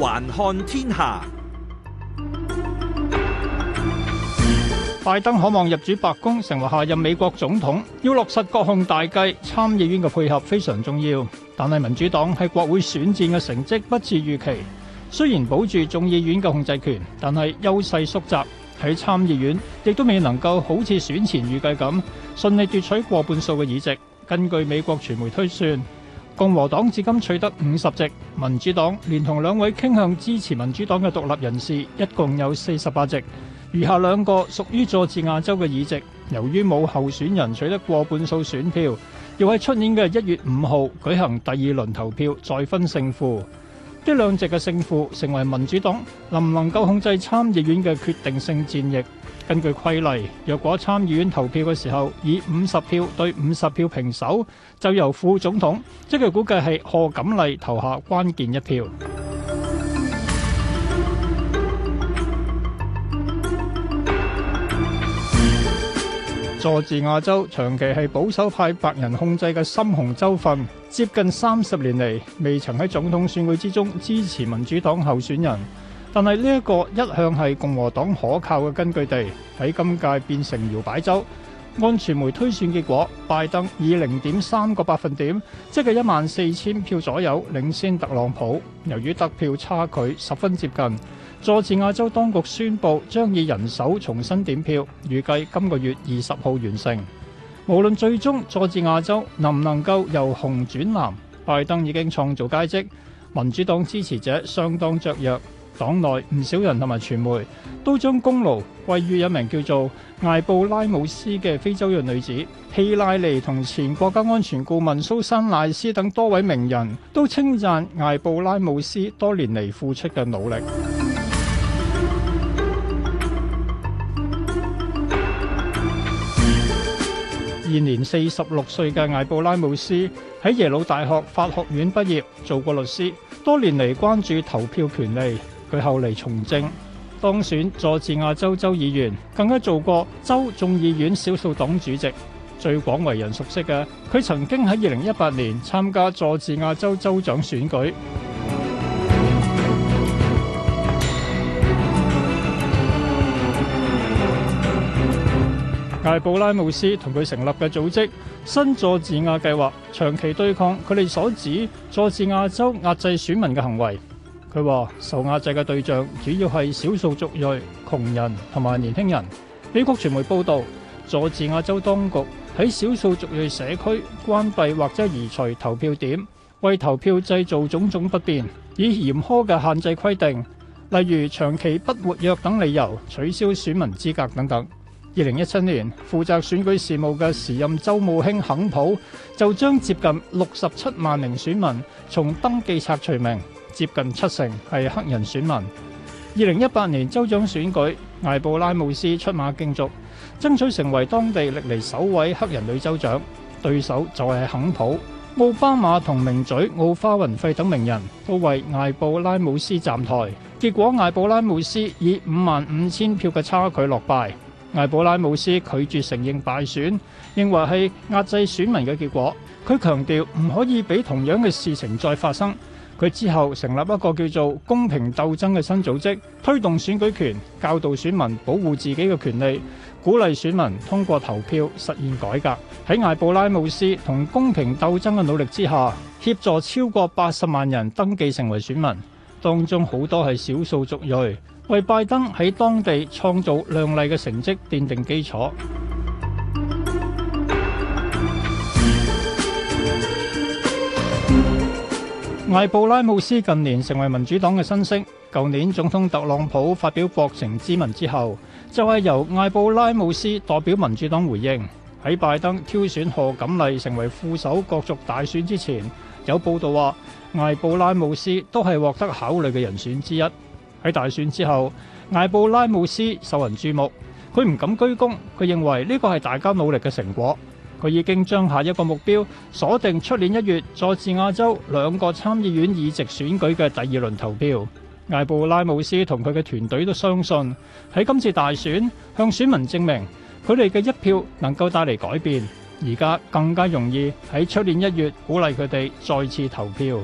環看天下，拜登渴望入主白宮，成為下任美國總統，要落實各項大計，參議院嘅配合非常重要。但係民主黨喺國會選戰嘅成績不似預期，雖然保住眾議院嘅控制權，但係優勢縮窄，喺參議院亦都未能夠好似選前預計咁順利奪取過半數嘅議席。根據美國傳媒推算，共和黨至今取得五十席，民主黨連同兩位傾向支持民主黨嘅獨立人士，一共有四十八席。餘下兩個屬於佐治亞州嘅議席，由於冇候選人取得過半數選票，要喺出年嘅一月五號舉行第二輪投票，再分勝負。呢兩席嘅勝負，成為民主黨能唔能夠控制參議院嘅決定性戰役。根據規例，若果參議院投票嘅時候以五十票對五十票平手，就由副總統，即係估計係賀錦麗投下關鍵一票。佐治亞州長期係保守派白人控制嘅深紅州份，接近三十年嚟未曾喺總統選舉之中支持民主黨候選人。但係呢一個一向係共和黨可靠嘅根據地，喺今屆變成搖擺州。按傳媒推算結果，拜登以零點三個百分點，即係一萬四千票左右，領先特朗普。由於得票差距十分接近，佐治亞州當局宣布將以人手重新點票，預計今個月二十號完成。無論最終佐治亞州能唔能夠由紅轉藍，拜登已經創造佳績。民主黨支持者相當雀躍。黨內唔少人同埋傳媒都將功勞歸於一名叫做艾布拉姆斯嘅非洲裔女子。希拉里同前國家安全顧問蘇珊賴斯等多位名人都稱讚艾布拉姆斯多年嚟付出嘅努力。現 年四十六歲嘅艾布拉姆斯喺耶魯大學法學院畢業，做過律師，多年嚟關注投票權利。佢後嚟從政，當選佐治亞州州議員，更加做過州眾議院少數黨主席。最廣為人熟悉嘅，佢曾經喺二零一八年參加佐治亞州州長選舉。 艾布拉姆斯同佢成立嘅組織新佐治亞計劃，長期對抗佢哋所指佐治亞州壓制選民嘅行為。佢話受壓制嘅對象主要係少數族裔、窮人同埋年輕人。美國傳媒報道，佐治亞州當局喺少數族裔社區關閉或者移除投票點，為投票製造種種不便，以嚴苛嘅限制規定，例如長期不活躍等理由取消選民資格等等。二零一七年負責選舉事務嘅時任州務卿肯普就將接近六十七萬名選民從登記冊除名。接近七成係黑人選民。二零一八年州長選舉，艾布拉姆斯出馬競逐，爭取成為當地歷嚟首位黑人女州長。對手就係肯普、奧巴馬同名嘴奧花雲費等名人，都為艾布拉姆斯站台。結果艾布拉姆斯以五萬五千票嘅差距落敗。艾布拉姆斯拒絕承認敗選，認為係壓制選民嘅結果。佢強調唔可以俾同樣嘅事情再發生。佢之後成立一個叫做公平鬥爭嘅新組織，推動選舉權、教導選民保護自己嘅權利、鼓勵選民通過投票實現改革。喺艾布拉姆斯同公平鬥爭嘅努力之下，協助超過八十萬人登記成為選民，當中好多係少數族裔，為拜登喺當地創造亮麗嘅成績奠定基礎。艾布拉姆斯近年成為民主黨嘅新星。舊年總統特朗普發表國情咨文之後，就係由艾布拉姆斯代表民主黨回應。喺拜登挑選賀錦麗成為副手角逐大選之前，有報道話艾布拉姆斯都係獲得考慮嘅人選之一。喺大選之後，艾布拉姆斯受人注目。佢唔敢居功，佢認為呢個係大家努力嘅成果。佢已經將下一個目標鎖定出年一月佐治亞州兩個參議院議席選舉嘅第二輪投票。艾布拉姆斯同佢嘅團隊都相信喺今次大選向選民證明佢哋嘅一票能夠帶嚟改變，而家更加容易喺出年一月鼓勵佢哋再次投票。